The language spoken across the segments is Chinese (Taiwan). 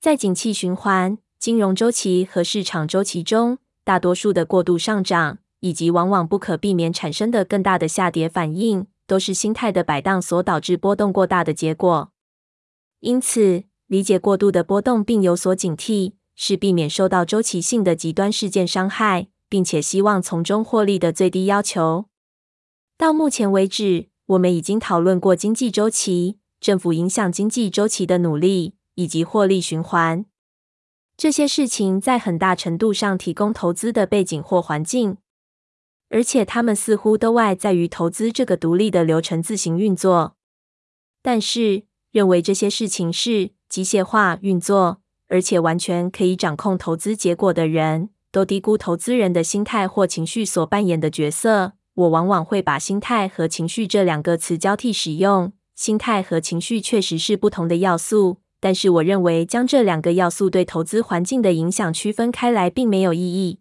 在景氣循環、金融周期和市場周期中，大多數的過度上漲，以及往往不可避免產生的更大的下跌反應，都是心態的擺盪所導致波動過大的結果。因此，理解過度的波動並有所警惕，是避免受到周期性的極端事件傷害，並且希望從中獲利的最低要求。到目前為止，我們已經討論過經濟周期、政府影響經濟周期的努力。以及獲利循環，這些事情在很大程度上提供投資的背景或環境，而且他們似乎都外在於投資這個獨立的流程自行運作。但是，認為這些事情是機械化運作，而且完全可以掌控投資結果的人，都低估投資人的心態或情緒所扮演的角色。我往往會把心態和情緒這兩個詞交替使用。心態和情緒確實是不同的要素。但是，我認為將這兩個要素對投資環境的影響區分開來並沒有意義。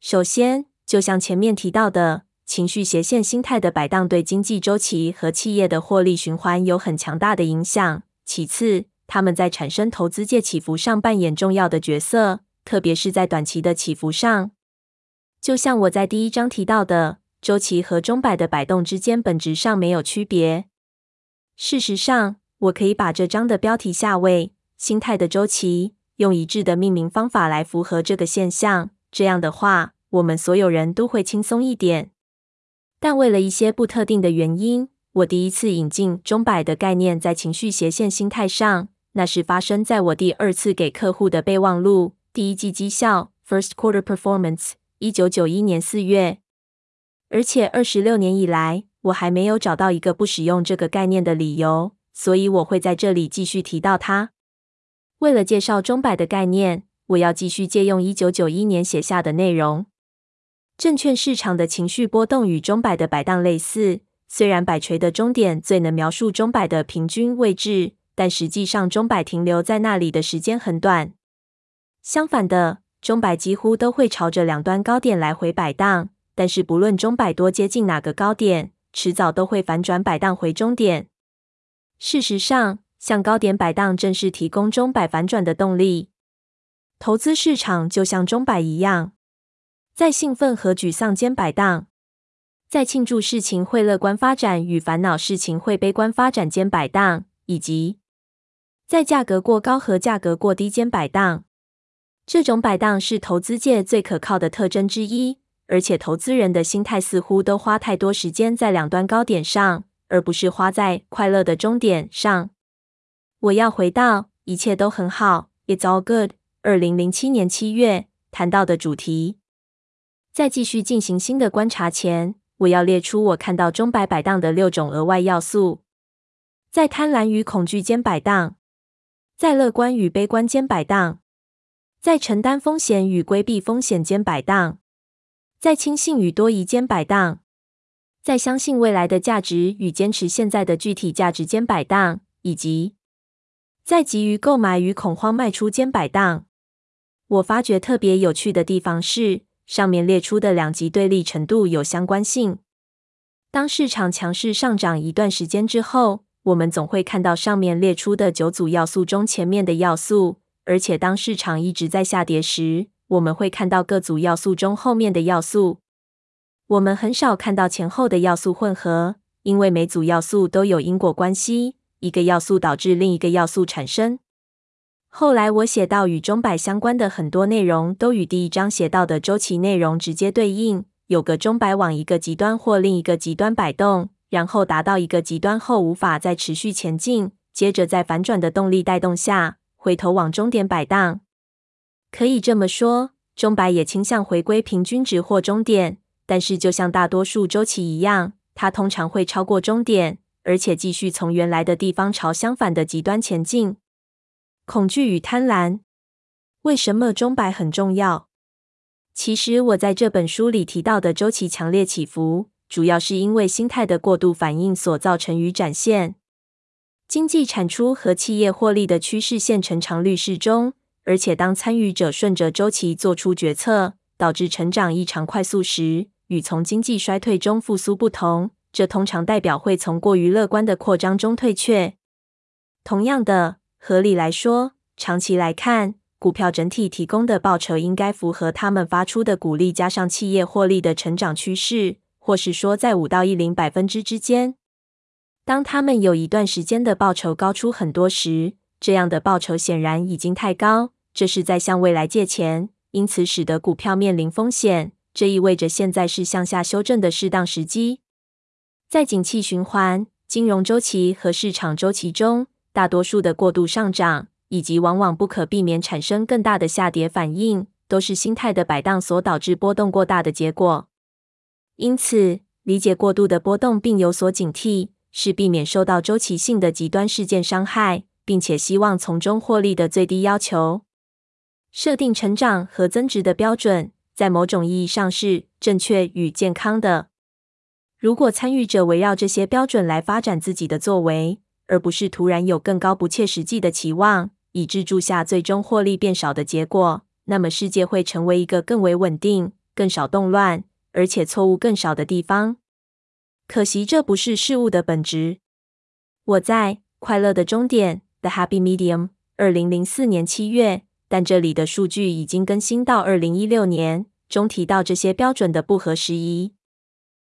首先，就像前面提到的，情緒斜線心態的擺盪對經濟週期和企業的獲利循環有很強大的影響。其次，他們在產生投資界起伏上扮演重要的角色，特別是在短期的起伏上。就像我在第一章提到的，週期和鐘擺的擺動之間本質上沒有區別。事實上，我可以把這章的標題下為心態的週期，用一致的命名方法來符合這個現象。這樣的話，我們所有人都會輕鬆一點。但為了一些不特定的原因，我第一次引進鐘擺的概念在情緒斜線心態上，那是發生在我第二次給客戶的備忘錄第一季績效 （First Quarter Performance） 一九九一年四月。而且二十六年以來，我還沒有找到一個不使用這個概念的理由。所以我會在這裡繼續提到它。為了介紹鐘擺的概念，我要繼續借用一九九一年寫下的內容：證券市場的情緒波動與鐘擺的擺盪類似。雖然擺錘的中點最能描述鐘擺的平均位置，但實際上鐘擺停留在那裡的時間很短。相反的，鐘擺幾乎都會朝着兩端高點來回擺盪。但是，不論鐘擺多接近哪個高點，遲早都會反轉擺盪回中點。事實上，向高點擺盪正是提供鐘擺反轉的動力。投資市場就像鐘擺一樣，在興奮和沮喪間擺盪，在慶祝事情會樂觀發展與煩惱事情會悲觀發展間擺盪，以及在價格過高和價格過低間擺盪。這種擺盪是投資界最可靠的特徵之一，而且投資人的心態似乎都花太多時間在兩端高點上。而不是花在快樂的終點上。我要回到一切都很好，It's all good 2007 7。二零零七年七月談到的主題。在繼續進行新的觀察前，我要列出我看到鐘擺擺盪的六種額外要素：在貪婪與恐懼間擺盪，在樂觀與悲觀間擺盪，在承擔風險與規避風險間擺盪，在輕信與多疑間擺盪。在相信未來的價值與堅持現在的具體價值間擺盪，以及在急於購買與恐慌賣出間擺盪。我發覺特別有趣的地方是，上面列出的兩極對立程度有相關性。當市場強勢上漲一段時間之後，我們總會看到上面列出的九組要素中前面的要素，而且當市場一直在下跌時，我們會看到各組要素中後面的要素。我們很少看到前後的要素混合，因為每組要素都有因果關係，一個要素導致另一個要素產生。後來我寫到與鐘擺相關的很多內容，都與第一章寫到的週期內容直接對應。有個鐘擺往一個極端或另一個極端擺動，然後達到一個極端後無法再持續前進，接着在反轉的動力帶動下回頭往中點擺盪。可以這麼說，鐘擺也傾向回歸平均值或中點。但是，就像大多數週期一樣，它通常會超過終點，而且繼續從原來的地方朝相反的極端前進。恐懼與貪婪，為什麼鐘擺很重要？其實，我在這本書裡提到的週期強烈起伏，主要是因為心態的過度反應所造成與展現。經濟產出和企業獲利的趨勢線成長率適中，而且當參與者順着週期做出決策，導致成長異常快速時。與從經濟衰退中復甦不同，這通常代表會從過於樂觀的擴張中退卻。同樣的，合理來說，長期來看，股票整體提供的報酬應該符合他們發出的股利加上企業獲利的成長趨勢，或是說在五到一零百分之之間。當他們有一段時間的報酬高出很多時，這樣的報酬顯然已經太高，這是在向未來借錢，因此使得股票面臨風險。這意味着現在是向下修正的適當時機。在景氣循環、金融週期和市場週期中，大多數的過度上漲，以及往往不可避免產生更大的下跌反應，都是心態的擺盪所導致波動過大的結果。因此，理解過度的波動並有所警惕，是避免受到週期性的極端事件傷害，並且希望從中獲利的最低要求。設定成長和增值的標準。在某種意義上是正確與健康的。如果參與者圍繞這些標準來發展自己的作為，而不是突然有更高、不切實際的期望，以致住下最終獲利變少的結果，那麼世界會成為一個更為穩定、更少動亂，而且錯誤更少的地方。可惜這不是事物的本質。我在快樂的終點，《The Happy Medium》，二零零四年七月。但這裡的數據已經更新到二零一六年中，提到這些標準的不合時宜。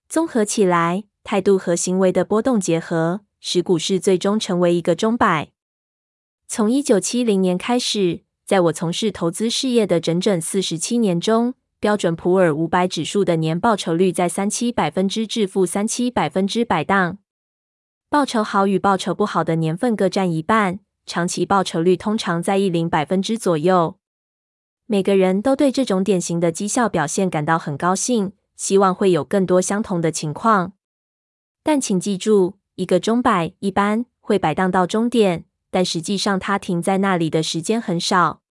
綜合起來，態度和行為的波動結合，使股市最終成為一個鐘擺。從一九七零年開始，在我從事投資事業的整整四十七年中，標準普爾五百指數的年報酬率在三七百分之至負三七百分之擺盪。報酬好與報酬不好的年份各佔一半。長期報酬率通常在百分之十左右。每個人都對這種典型的績效表現感到很高興，希望會有更多相同的情況。但請記住，一個鐘擺一般會擺盪到終點，但實際上它停在那裡的時間很少。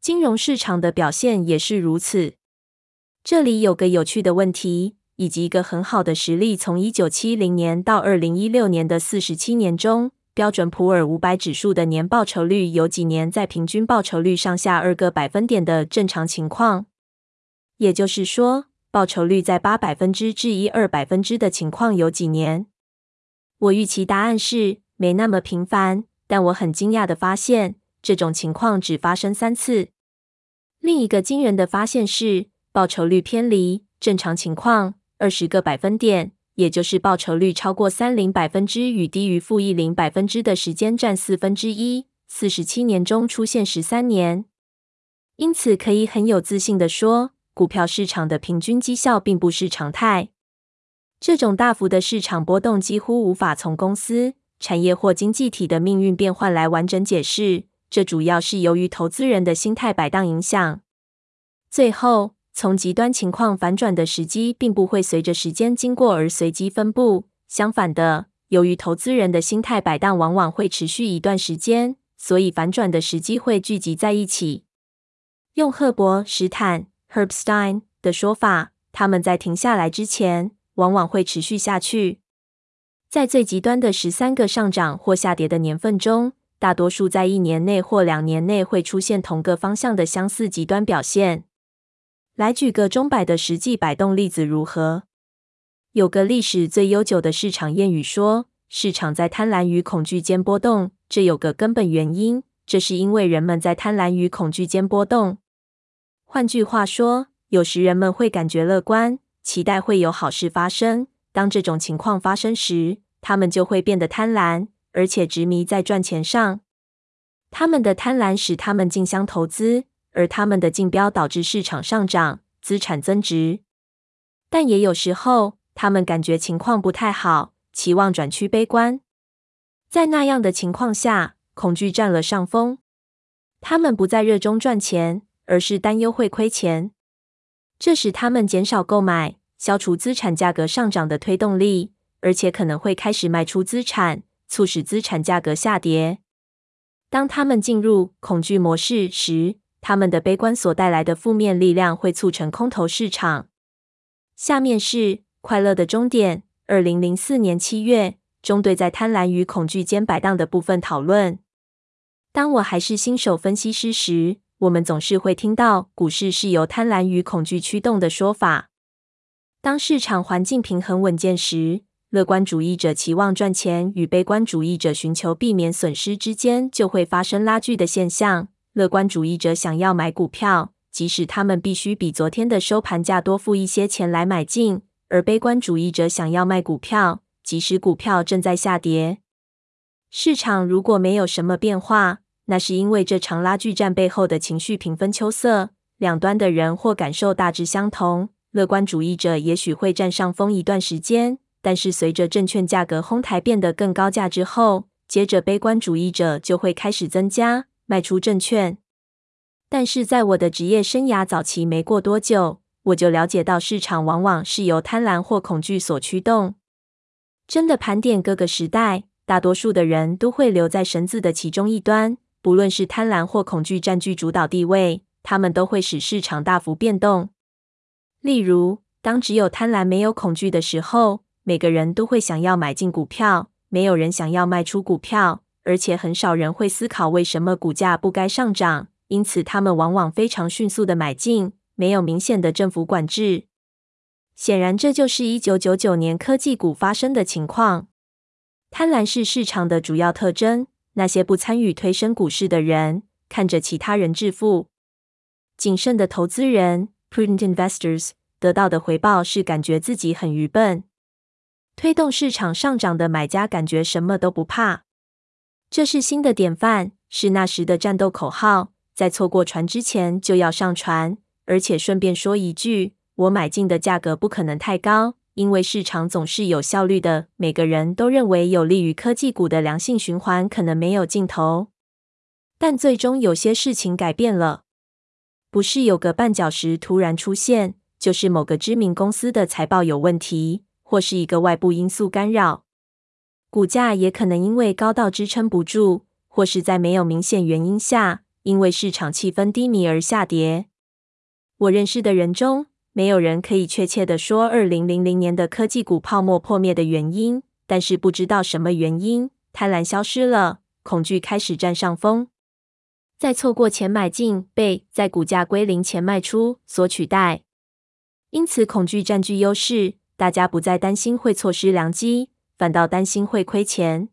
金融市場的表現也是如此。這裡有個有趣的問題，以及一個很好的實例：從一九七零年到二零一六年的四十七年中。標準普爾五百指數的年報酬率有幾年在平均報酬率上下二個百分點的正常情況，也就是說，報酬率在百分之八至百分之十二的情況有幾年？我預期答案是沒那麼頻繁，但我很驚訝的發現這種情況只發生三次。另一個驚人的發現是，報酬率偏離正常情況二十個百分點。也就是報酬率超過百分之三十與低於負百分之十的時間佔四分之一，四十七年中出現十三年，因此可以很有自信地說，股票市場的平均績效並不是常態。這種大幅的市場波動幾乎無法從公司、產業或經濟體的命運變換來完整解釋，這主要是由於投資人的心態擺盪影響。最後。從極端情況反轉的時機，並不會隨着時間經過而隨機分布。相反的，由於投資人的心態擺盪往往會持續一段時間，所以反轉的時機會聚集在一起。用赫伯·史坦 （Herb Stein） 的說法，他們在停下來之前往往會持續下去。在最極端的十三個上漲或下跌的年份中，大多數在一年內或兩年內會出現同個方向的相似極端表現。來舉個鐘擺的實際擺動例子如何？有個歷史最悠久的市場諺語說：“市場在貪婪與恐懼間波動。”這有個根本原因，這是因為人們在貪婪與恐懼間波動。換句話說，有時人們會感覺樂觀，期待會有好事發生。當這種情況發生時，他們就會變得貪婪，而且執迷在賺錢上。他們的貪婪使他們競相投資。而他們的競標導致市場上漲，資產增值。但也有時候，他們感覺情況不太好，期望轉趨悲觀。在那樣的情況下，恐懼占了上風。他們不再熱衷賺錢，而是擔憂會虧錢。這使他們減少購買，消除資產價格上漲的推動力，而且可能會開始賣出資產，促使資產價格下跌。當他們進入恐懼模式時，他們的悲觀所帶來的負面力量會促成空頭市場。下面是《快樂的終點》二零零四年七月中對在貪婪與恐懼間擺盪的部分討論。當我還是新手分析師時，我們總是會聽到股市是由貪婪與恐懼驅動的說法。當市場環境平衡穩健時，樂觀主義者期望賺錢與悲觀主義者尋求避免損失之間就會發生拉鋸的現象。樂觀主義者想要買股票，即使他們必須比昨天的收盤價多付一些錢來買進；而悲觀主義者想要賣股票，即使股票正在下跌。市場如果沒有什麼變化，那是因為這場拉鋸戰背後的情緒平分秋色，兩端的人或感受大致相同。樂觀主義者也許會占上風一段時間，但是隨着證券價格哄抬變得更高價之後，接着悲觀主義者就會開始增加。賣出證券，但是在我的職業生涯早期，沒過多久，我就了解到市場往往是由貪婪或恐懼所驅動。真的盤點各個時代，大多數的人都會留在繩子的其中一端，不論是貪婪或恐懼占據主導地位，他們都會使市場大幅變動。例如，當只有貪婪沒有恐懼的時候，每個人都會想要買進股票，沒有人想要賣出股票。而且很少人會思考為什麼股價不該上漲，因此他們往往非常迅速的買進，沒有明顯的政府管制。顯然，這就是一九九九年科技股發生的情況。貪婪是市場的主要特徵。那些不參與推升股市的人，看着其他人致富，謹慎的投資人 （prudent investors） 得到的回報是感覺自己很愚笨。推動市場上漲的買家感覺什麼都不怕。這是新的典範，是那時的戰鬥口號。在錯過船之前，就要上船。而且順便說一句，我買進的價格不可能太高，因為市場總是有效率的。每個人都認為有利於科技股的良性循環可能沒有盡頭，但最終有些事情改變了。不是有個絆腳石突然出現，就是某個知名公司的財報有問題，或是一個外部因素干擾。股價也可能因為高到支撐不住，或是在沒有明顯原因下，因為市場氣氛低迷而下跌。我認識的人中，沒有人可以確切地說二零零零年的科技股泡沫破滅的原因，但是不知道什麼原因，貪婪消失了，恐懼開始佔上風。在錯過前買進，被在股價歸零前賣出所取代。因此恐懼佔據優勢，大家不再擔心會錯失良機。反倒擔心會虧錢，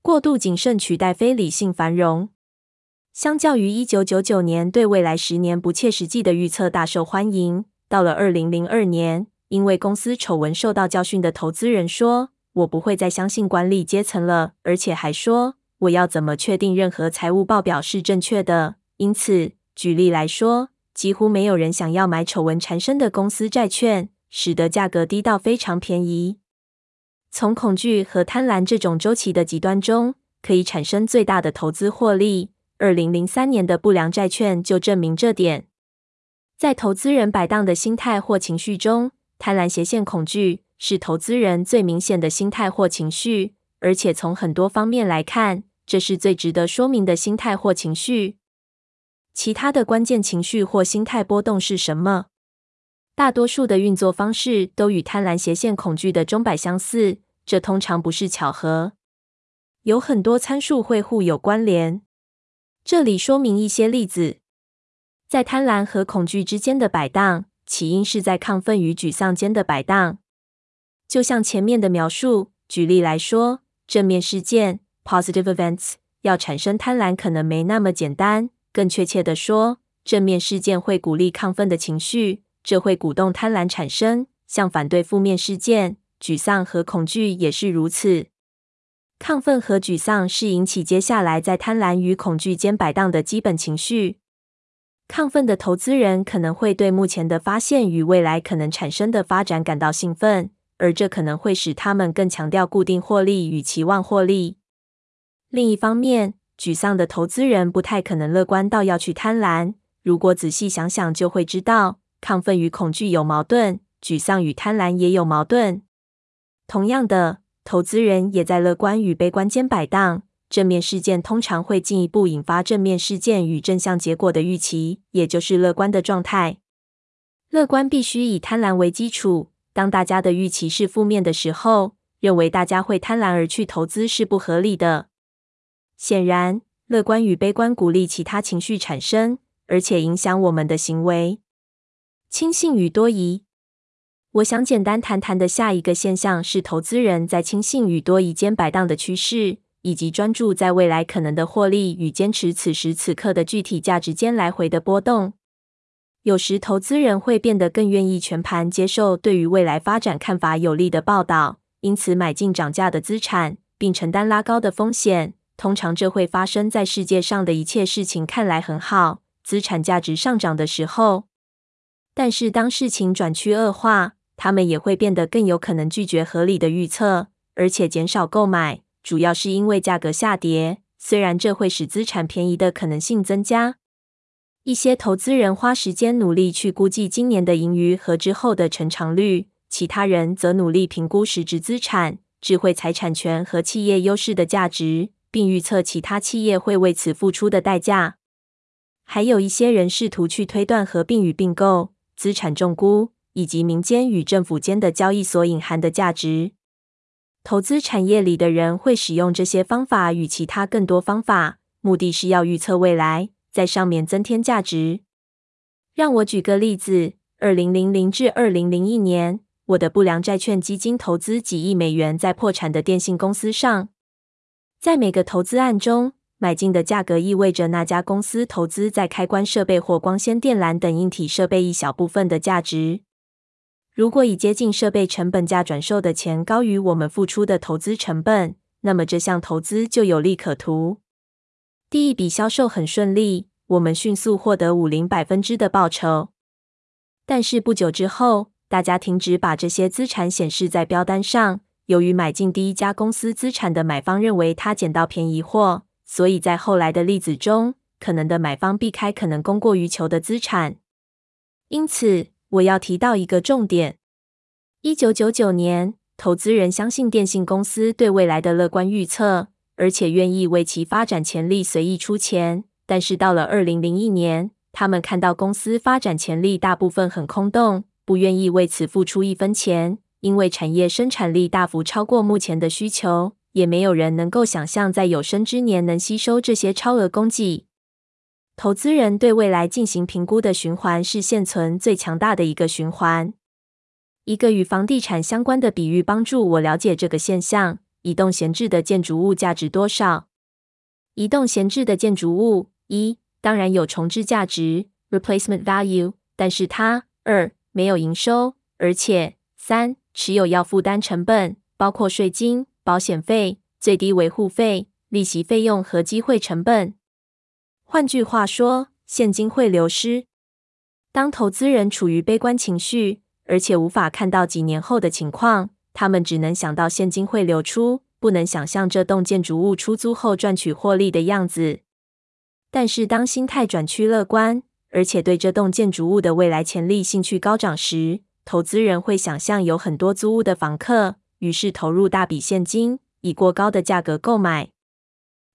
過度謹慎取代非理性繁榮。相較於一九九九年對未來十年不切實際的預測大受歡迎，到了二零零二年，因為公司醜聞受到教訓的投資人說：“我不會再相信管理階層了。”而且還說：“我要怎麼確定任何財務報表是正確的？”因此，舉例來說，幾乎沒有人想要買醜聞纏身的公司債券，使得價格低到非常便宜。從恐懼和貪婪這種週期的極端中，可以產生最大的投資獲利。二零零三年的不良債券就證明這點。在投資人擺盪的心態或情緒中，貪婪、斜線、恐懼是投資人最明顯的心態或情緒，而且從很多方面來看，這是最值得說明的心態或情緒。其他的關鍵情緒或心態波動是什麼？大多數的運作方式都與貪婪、斜線、恐懼的鐘擺相似，這通常不是巧合。有很多參數會互有關聯。這裡說明一些例子：在貪婪和恐懼之間的擺盪，起因是在亢奮與沮喪，喪間的擺盪。就像前面的描述，舉例來說，正面事件 （positive events） 要產生貪婪，可能沒那麼簡單。更確切地說，正面事件會鼓勵亢奮的情緒。這會鼓動貪婪產生，像反對負面事件、沮喪和恐懼也是如此。亢奮和沮喪是引起接下來在貪婪與恐懼間擺盪的基本情緒。亢奮的投資人可能會對目前的發現與未來可能產生的發展感到興奮，而這可能會使他們更強調固定獲利與期望獲利。另一方面，沮喪的投資人不太可能樂觀到要去貪婪，如果仔細想想，就會知道。亢奮與恐懼有矛盾，沮喪與貪婪也有矛盾。同樣的，投資人也在樂觀與悲觀間擺盪。正面事件通常會進一步引發正面事件與正向結果的預期，也就是樂觀的狀態。樂觀必須以貪婪為基礎，當大家的預期是負面的時候，認為大家會貪婪而去投資是不合理的。顯然，樂觀與悲觀鼓勵其他情緒產生，而且影響我們的行為。輕信與多疑。我想簡單談談的下一個現象是，投資人在輕信與多疑間擺盪的趨勢，以及專注在未來可能的獲利與堅持此時此刻的具體價值間來回的波動。有時，投資人會變得更願意全盤接受對於未來發展看法有利的報道，因此買進漲價的資產，並承擔拉高的風險。通常，這會發生在世界上的一切事情看來很好，資產價值上漲的時候。但是，當事情轉趨惡化，他們也會變得更有可能拒絕合理的預測，而且減少購買，主要是因為價格下跌，雖然這會使資產便宜的可能性增加。一些投資人花時間努力去估計今年的盈餘和之後的成長率，其他人則努力評估實質資產、智慧財產權和企業優勢的價值，並預測其他企業會為此付出的代價。還有一些人試圖去推斷合併與併購。資產重估，以及民間與政府間的交易所隱含的價值，投資產業裡的人會使用這些方法與其他更多方法，目的是要預測未來，在上面增添價值。讓我舉個例子：二零零零至二零零一年，我的不良債券基金投資幾億美元在破產的電信公司上，在每個投資案中。買進的價格意味着那家公司投資在開關設備或光纖電纜等硬體設備一小部分的價值。如果以接近設備成本價轉售的錢高於我們付出的投資成本，那麼這項投資就有利可圖。第一筆銷售很順利，我們迅速獲得百分之五十的報酬。但是不久之後，大家停止把這些資產顯示在標單上，由於買進第一家公司資產的買方認為他撿到便宜貨。所以在後來的例子中，可能的買方避開可能供過於求的資產。因此，我要提到一個重點：一九九九年，投資人相信電信公司對未來的樂觀預測，而且願意為其發展潛力隨意出錢。但是到了二零零一年，他們看到公司發展潛力大部分很空洞，不願意為此付出一分錢，因為產業生產力大幅超過目前的需求。也沒有人能夠想象，在有生之年能吸收這些超額供給。投資人對未來進行評估的循環是現存最強大的一個循環。一個與房地產相關的比喻幫助我了解這個現象：移動閒置的建築物價值多少？移動閒置的建築物，一當然有重置價值 （replacement value），但是它二沒有營收，而且三持有要負擔成本，包括稅金。保險費、最低維護費、利息費用和機會成本。換句話說，現金會流失。當投資人處於悲觀情緒，而且無法看到幾年後的情況，他們只能想到現金會流出，不能想象這棟建築物出租後賺取獲利的樣子。但是，當心態轉趨樂觀，而且對這棟建築物的未來潛力興趣高漲時，投資人會想象有很多租屋的房客。於是投入大筆現金，以過高的價格購買。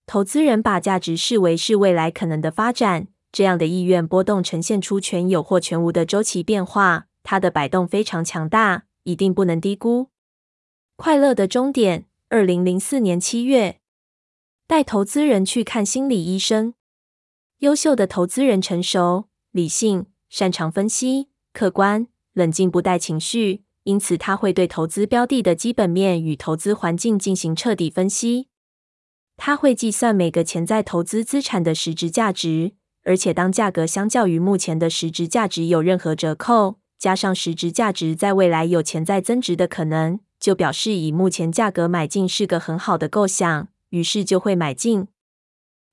投資人把價值視為是未來可能的發展，這樣的意願波動呈現出全有或全無的周期變化。它的擺動非常強大，一定不能低估。快樂的終點，二零零四年七月，帶投資人去看心理醫生。優秀的投資人成熟、理性，擅長分析、客觀、冷靜，不帶情緒。因此，他會對投資標的的基本面與投資環境進行徹底分析。他會計算每個潛在投資資產的實質價值，而且當價格相較於目前的實質價值有任何折扣，加上實質價值在未來有潛在增值的可能，就表示以目前價格買進是個很好的構想，於是就會買進。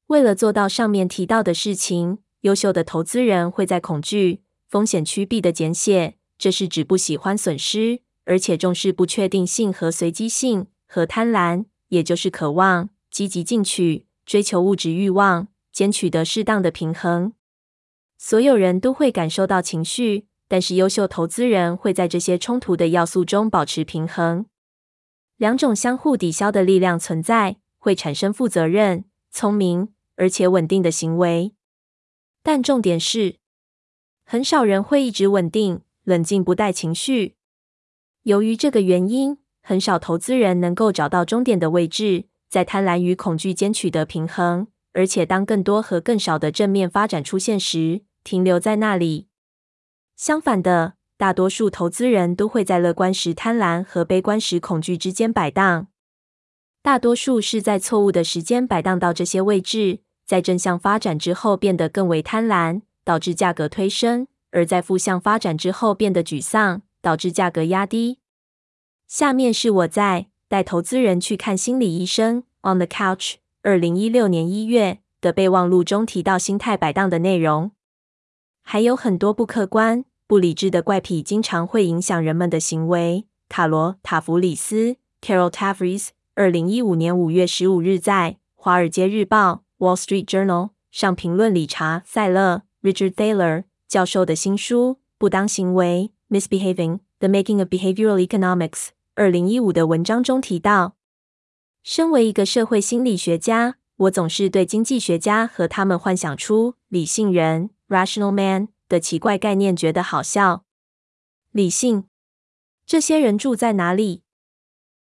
為了做到上面提到的事情，優秀的投資人會在恐懼風險區幣的簡寫。這是指不喜歡損失，而且重視不確定性和隨機性，和貪婪，也就是渴望積極進取、追求物質慾望，間取得適當的平衡。所有人都會感受到情緒，但是優秀投資人會在這些衝突的要素中保持平衡。兩種相互抵消的力量存在，會產生負責任、聰明而且穩定的行為。但重點是，很少人會一直穩定。冷靜不帶情緒。由於這個原因，很少投資人能夠找到終點的位置，在貪婪與恐懼間取得平衡。而且，當更多和更少的正面發展出現時，停留在那裡。相反的，大多數投資人都會在樂觀時貪婪和悲觀時恐懼之間擺盪。大多數是在錯誤的時間擺盪到這些位置，在正向發展之後變得更為貪婪，導致價格推升。而在負向發展之後變得沮喪，導致價格壓低。下面是我在帶投資人去看心理醫生《On the Couch》二零一六年一月的備忘錄中提到心態擺盪的內容。還有很多不客觀、不理智的怪癖，經常會影響人們的行為。卡羅塔弗里斯 （Carol Tavris） 二零一五年五月十五日在《華爾街日報》（Wall Street Journal） 上評論理查·塞勒 （Richard Thaler）。教授的新書《不當行為》（Misbehaving: The Making of Behavioral Economics） 二零一五的文章中提到，身為一個社會心理學家，我總是對經濟學家和他們幻想出理性人 （rational man） 的奇怪概念覺得好笑。理性，這些人住在哪裡？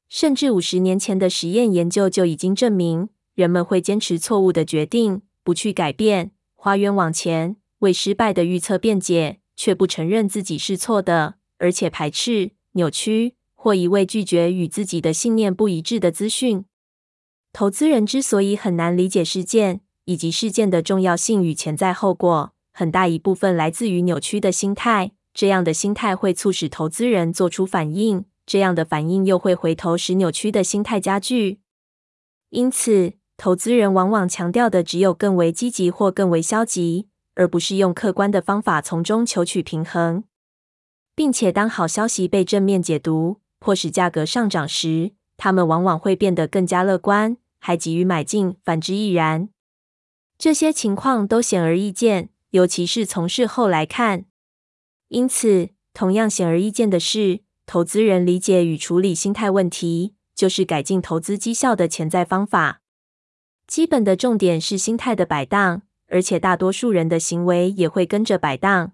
甚至五十年前的實驗研究就已經證明，人們會堅持錯誤的決定，不去改變，花冤枉錢。為失敗的預測辯解，卻不承認自己是錯的，而且排斥、扭曲或一味拒絕與自己的信念不一致的資訊。投資人之所以很難理解事件，以及事件的重要性與潛在後果，很大一部分來自於扭曲的心態。這樣的心態會促使投資人做出反應，這樣的反應又會回頭使扭曲的心態加劇。因此，投資人往往強調的只有更為積極或更為消極。而不是用客觀的方法從中求取平衡，並且當好消息被正面解讀，迫使價格上漲時，他們往往會變得更加樂觀，還急於買進；反之亦然。這些情況都顯而易見，尤其是從事後來看。因此，同樣顯而易見的是，投資人理解與處理心態問題，就是改進投資績效的潛在方法。基本的重點是心態的擺盪。而且大多數人的行為也會跟着擺盪。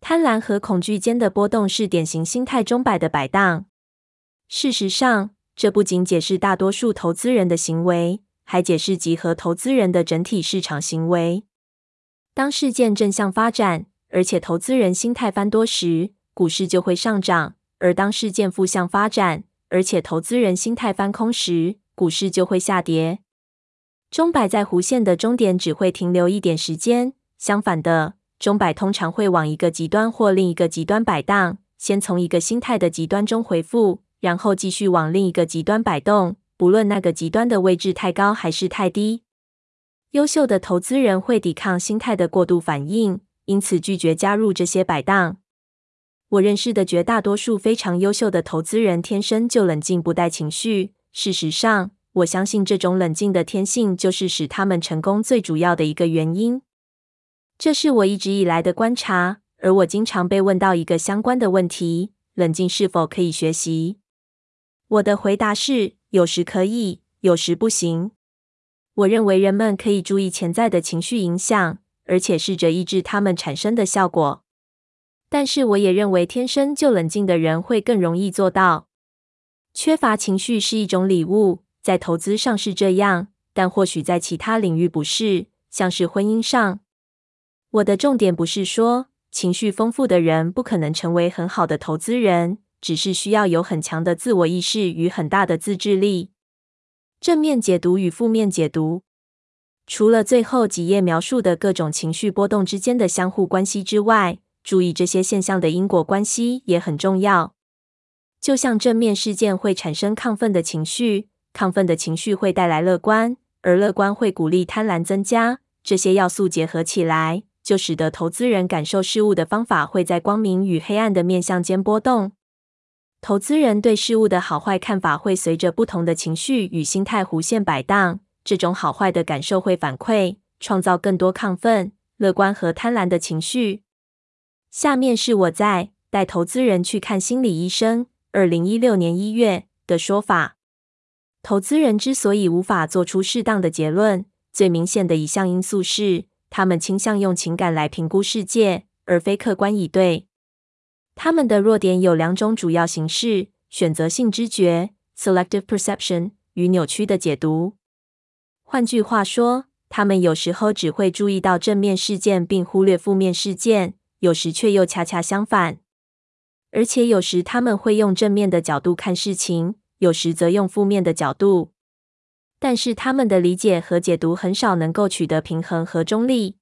貪婪和恐懼間的波動是典型心態鐘擺的擺盪。事實上，這不僅解釋大多數投資人的行為，還解釋集合投資人的整體市場行為。當事件正向發展，而且投資人心態翻多時，股市就會上漲；而當事件負向發展，而且投資人心態翻空時，股市就會下跌。鐘擺在弧線的終點只會停留一點時間。相反的，鐘擺通常會往一個極端或另一個極端擺盪，先從一個心態的極端中回復，然後繼續往另一個極端擺動。不論那個極端的位置太高還是太低，優秀的投資人會抵抗心態的過度反應，因此拒絕加入這些擺盪。我認識的絕大多數非常優秀的投資人，天生就冷靜不帶情緒。事實上，我相信這種冷靜的天性就是使他們成功最主要的一個原因，這是我一直以來的觀察。而我經常被問到一個相關的問題：冷靜是否可以學習？我的回答是，有時可以，有時不行。我認為人們可以注意潛在的情緒影響，而且試着抑制它們產生的效果。但是我也認為，天生就冷靜的人會更容易做到。缺乏情緒是一種禮物。在投資上是這樣，但或許在其他領域不是。像是婚姻上，我的重點不是說情緒豐富的人不可能成為很好的投資人，只是需要有很強的自我意識與很大的自制力。正面解讀與負面解讀，除了最後幾頁描述的各種情緒波動之間的相互關係之外，注意這些現象的因果關係也很重要。就像正面事件會產生亢奮的情緒。亢奮的情緒會帶來樂觀，而樂觀會鼓勵貪婪增加。這些要素結合起來，就使得投資人感受事物的方法會在光明與黑暗的面向間波動。投資人對事物的好壞看法會隨着不同的情緒與心態弧線擺盪。這種好壞的感受會反饋，創造更多亢奮、樂觀和貪婪的情緒。下面是我在帶投資人去看心理醫生（二零一六年一月）的說法。投資人之所以無法做出適當的結論，最明顯的一項因素是，他們傾向用情感來評估世界，而非客觀以對。他們的弱點有兩種主要形式：選擇性知覺 （selective perception） 與扭曲的解讀。換句話說，他們有時候只會注意到正面事件，並忽略負面事件；有時卻又恰恰相反。而且，有時他們會用正面的角度看事情。有時則用負面的角度，但是他們的理解和解讀很少能夠取得平衡和中立。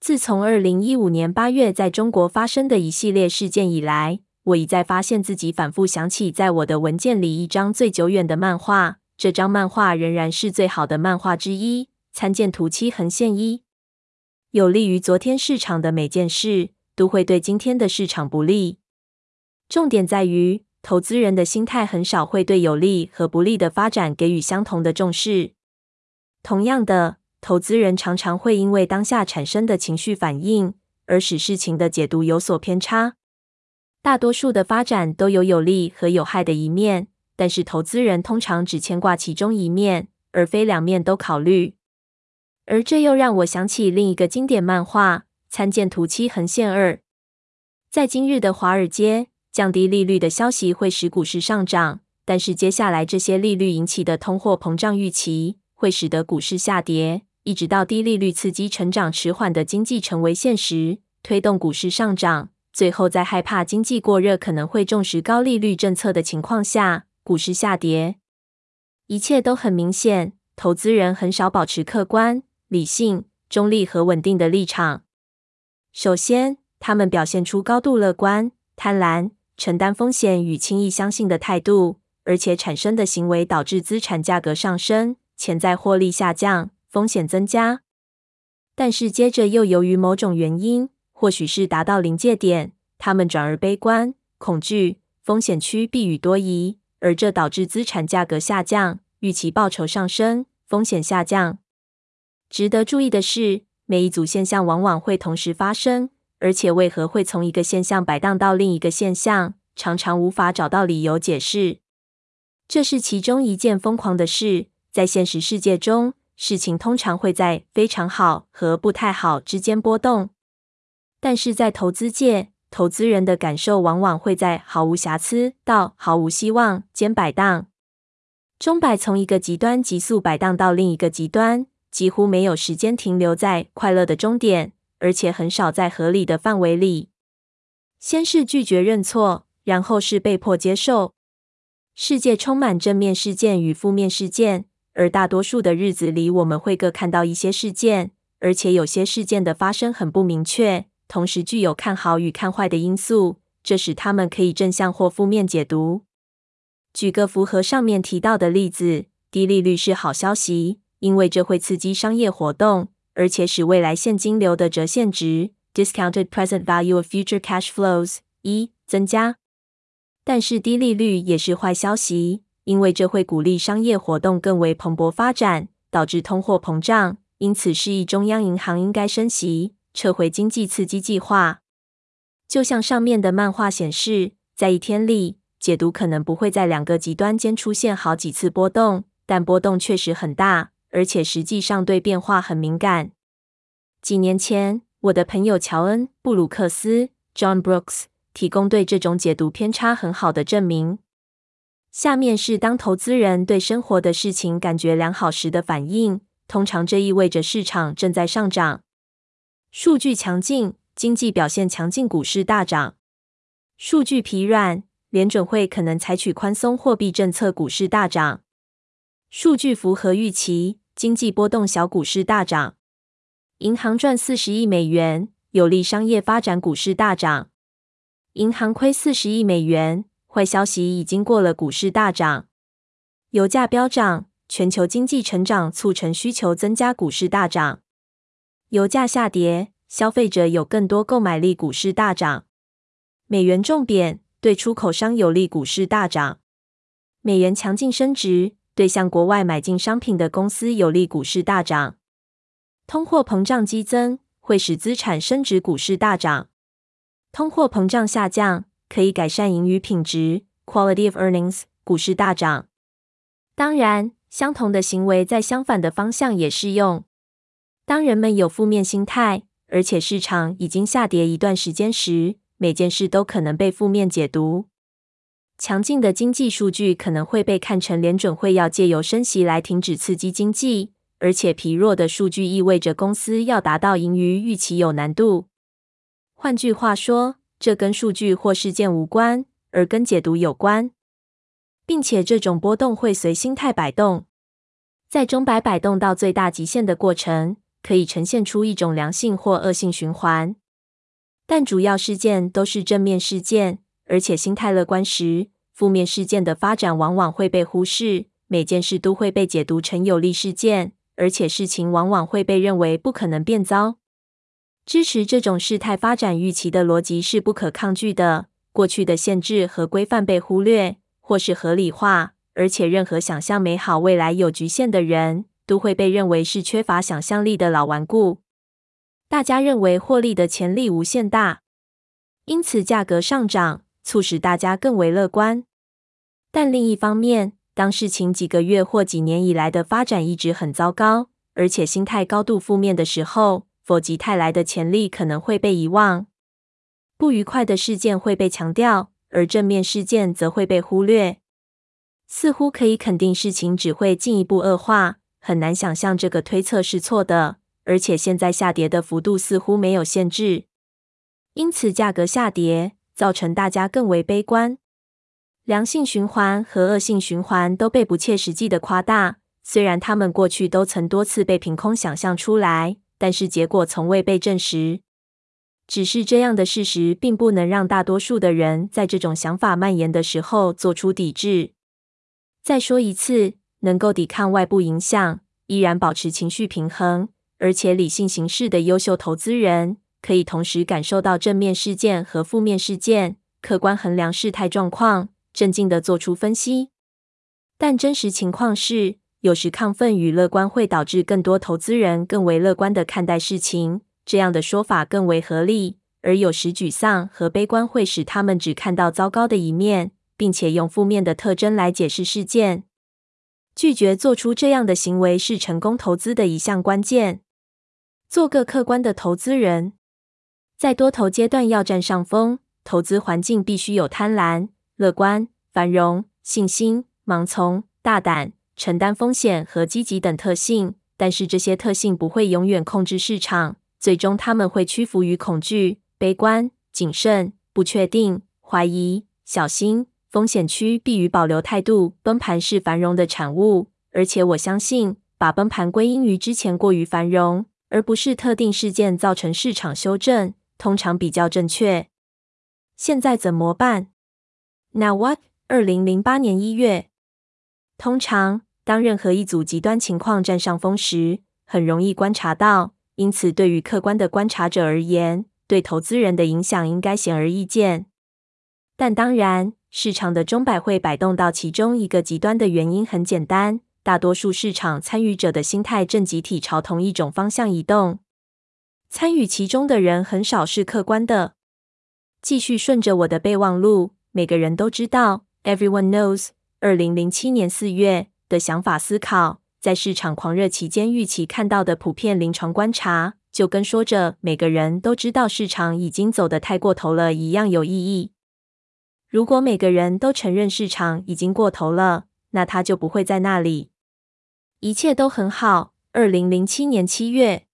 自從二零一五年八月在中國發生的一系列事件以來，我一再發現自己反復想起在我的文件裡一張最久遠的漫畫。這張漫畫仍然是最好的漫畫之一。參見圖七橫線一。有利於昨天市場的每件事，都會對今天的市場不利。重點在於。投資人的心態很少會對有利和不利的發展給予相同的重視。同樣的，投資人常常會因為當下產生的情緒反應而使事情的解讀有所偏差。大多數的發展都有有利和有害的一面，但是投資人通常只牽掛其中一面，而非兩面都考慮。而這又讓我想起另一個經典漫畫，參見圖七橫線二。在今日的華爾街，降低利率的消息會使股市上漲，但是接下來這些利率引起的通貨膨脹預期會使得股市下跌，一直到低利率刺激成長遲緩的經濟成為現實，推動股市上漲，最後在害怕經濟過熱可能會重視高利率政策的情況下，股市下跌。一切都很明顯，投資人很少保持客觀、理性、中立和穩定的立場。首先，他們表現出高度樂觀、貪婪。承擔風險與輕易相信的態度，而且產生的行為導致資產價格上升、潛在獲利下降、風險增加。但是接着又由於某種原因，或許是達到臨界點，他們轉而悲觀、恐懼、風險趨避與多疑，而這導致資產價格下降、預期報酬上升、風險下降。值得注意的是，每一組現象往往會同時發生。而且，為何會從一個現象擺盪到另一個現象，常常無法找到理由解釋。這是其中一件瘋狂的事。在現實世界中，事情通常會在非常好和不太好之間波動，但是在投資界，投資人的感受往往會在毫無瑕疵到毫無希望間擺盪。鐘擺從一個極端急速擺盪到另一個極端，幾乎沒有時間停留在快樂的終點。而且很少在合理的範圍裡，先是拒絕認錯，然後是被迫接受。世界充滿正面事件與負面事件，而大多數的日子裡，我們會各看到一些事件，而且有些事件的發生很不明確，同時具有看好與看壞的因素，這使他們可以正向或負面解讀。舉個符合上面提到的例子，低利率是好消息，因為這會刺激商業活動。而且使未來現金流的折現值 （discounted present value of future cash flows） 一增加，但是低利率也是壞消息，因為這會鼓勵商業活動更為蓬勃發展，導致通貨膨脹。因此，示意中央銀行應該升息，撤回經濟刺激計劃。就像上面的漫畫顯示，在一天裡，解讀可能不會在兩個極端間出現好幾次波動，但波動確實很大。而且實際上對變化很敏感。幾年前，我的朋友喬恩·布魯克斯 （John Brooks） 提供對這種解讀偏差很好的證明。下面是當投資人對生活的事情感覺良好時的反應：通常這意味着市場正在上漲，數據強勁，經濟表現強勁，股市大漲；數據疲軟，聯準會可能採取寬鬆貨幣政策，股市大漲；數據符合預期。經濟波動小，股市大漲，銀行賺四十億美元，有利商業發展，股市大漲。銀行虧四十億美元，壞消息已經過了，股市大漲。油價飆漲，全球經濟成長促成需求增加，股市大漲。油價下跌，消費者有更多購買力，股市大漲。美元重貶，對出口商有利，股市大漲。美元強勁升值。對向國外買進商品的公司有利，股市大漲；通貨膨脹激增會使資產升值，股市大漲；通貨膨脹下降可以改善盈餘品質 （quality of earnings），股市大漲。當然，相同的行為在相反的方向也適用。當人們有負面心態，而且市場已經下跌一段時間時，每件事都可能被負面解讀。強勁的經濟數據可能會被看成聯準會要借由升息來停止刺激經濟，而且疲弱的數據意味着公司要達到盈餘預期有難度。換句話說，這跟數據或事件無關，而跟解讀有關，並且這種波動會隨心態擺動。在鐘擺擺動到最大極限的過程，可以呈現出一種良性或惡性循環。但主要事件都是正面事件。而且心態樂觀時，負面事件的發展往往會被忽視，每件事都會被解讀成有利事件，而且事情往往會被認為不可能變糟。支持這種事態發展預期的邏輯是不可抗拒的，過去的限制和規範被忽略，或是合理化，而且任何想象美好未來有局限的人，都會被認為是缺乏想象力的老頑固。大家認為獲利的潛力無限大，因此價格上漲。促使大家更為樂觀，但另一方面，當事情幾個月或幾年以來的發展一直很糟糕，而且心態高度負面的時候，否極泰來的潛力可能會被遺忘。不愉快的事件會被強調，而正面事件則會被忽略。似乎可以肯定事情只會進一步惡化，很難想象這個推測是錯的，而且現在下跌的幅度似乎沒有限制，因此價格下跌。造成大家更為悲觀，良性循環和惡性循環都被不切實際的誇大。雖然他們過去都曾多次被憑空想象出來，但是結果從未被證實。只是這樣的事實，並不能讓大多數的人在這種想法蔓延的時候做出抵制。再說一次，能夠抵抗外部影響，依然保持情緒平衡，而且理性行事的優秀投資人。可以同時感受到正面事件和負面事件，客觀衡量事態狀況，鎮靜地做出分析。但真實情況是，有時亢奮與樂觀會導致更多投資人更為樂觀地看待事情，這樣的說法更為合理。而有時沮喪和悲觀會使他們只看到糟糕的一面，並且用負面的特徵來解釋事件。拒絕做出這樣的行為是成功投資的一項關鍵。做個客觀的投資人。在多頭階段要占上風，投資環境必須有貪婪、樂觀、繁榮、信心、盲從、大膽、承擔風險和積極等特性。但是這些特性不會永遠控制市場，最終他們會屈服於恐懼、悲觀、謹慎、不確定、懷疑、小心、風險趨避與保留態度。崩盤是繁榮的產物，而且我相信把崩盤歸因於之前過於繁榮，而不是特定事件造成市場修正。通常比較正確。現在怎麼辦？Now what？二零零八年一月，通常當任何一組極端情況占上風時，很容易觀察到。因此，對於客觀的觀察者而言，對投資人的影響應該顯而易見。但當然，市場的鐘擺會擺動到其中一個極端的原因很簡單：大多數市場參與者的心態正集體朝同一種方向移動。參與其中的人很少是客觀的。繼續順着我的備忘錄，每個人都知道。Everyone knows 二零零七年四月，二零零七年四月的想法思考，在市場狂熱期間預期看到的普遍臨床觀察，就跟說着“每個人都知道市場已經走得太過頭了”一樣有意義。如果每個人都承認市場已經過頭了，那它就不會在那裡。一切都很好。二零零七年七月。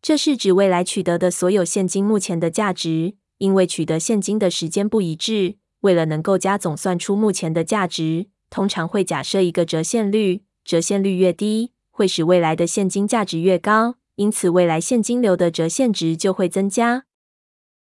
這是指未來取得的所有現金目前的價值，因為取得現金的時間不一致，為了能夠加總算出目前的價值，通常會假設一個折現率，折現率越低，會使未來的現金價值越高，因此未來現金流的折現值就會增加。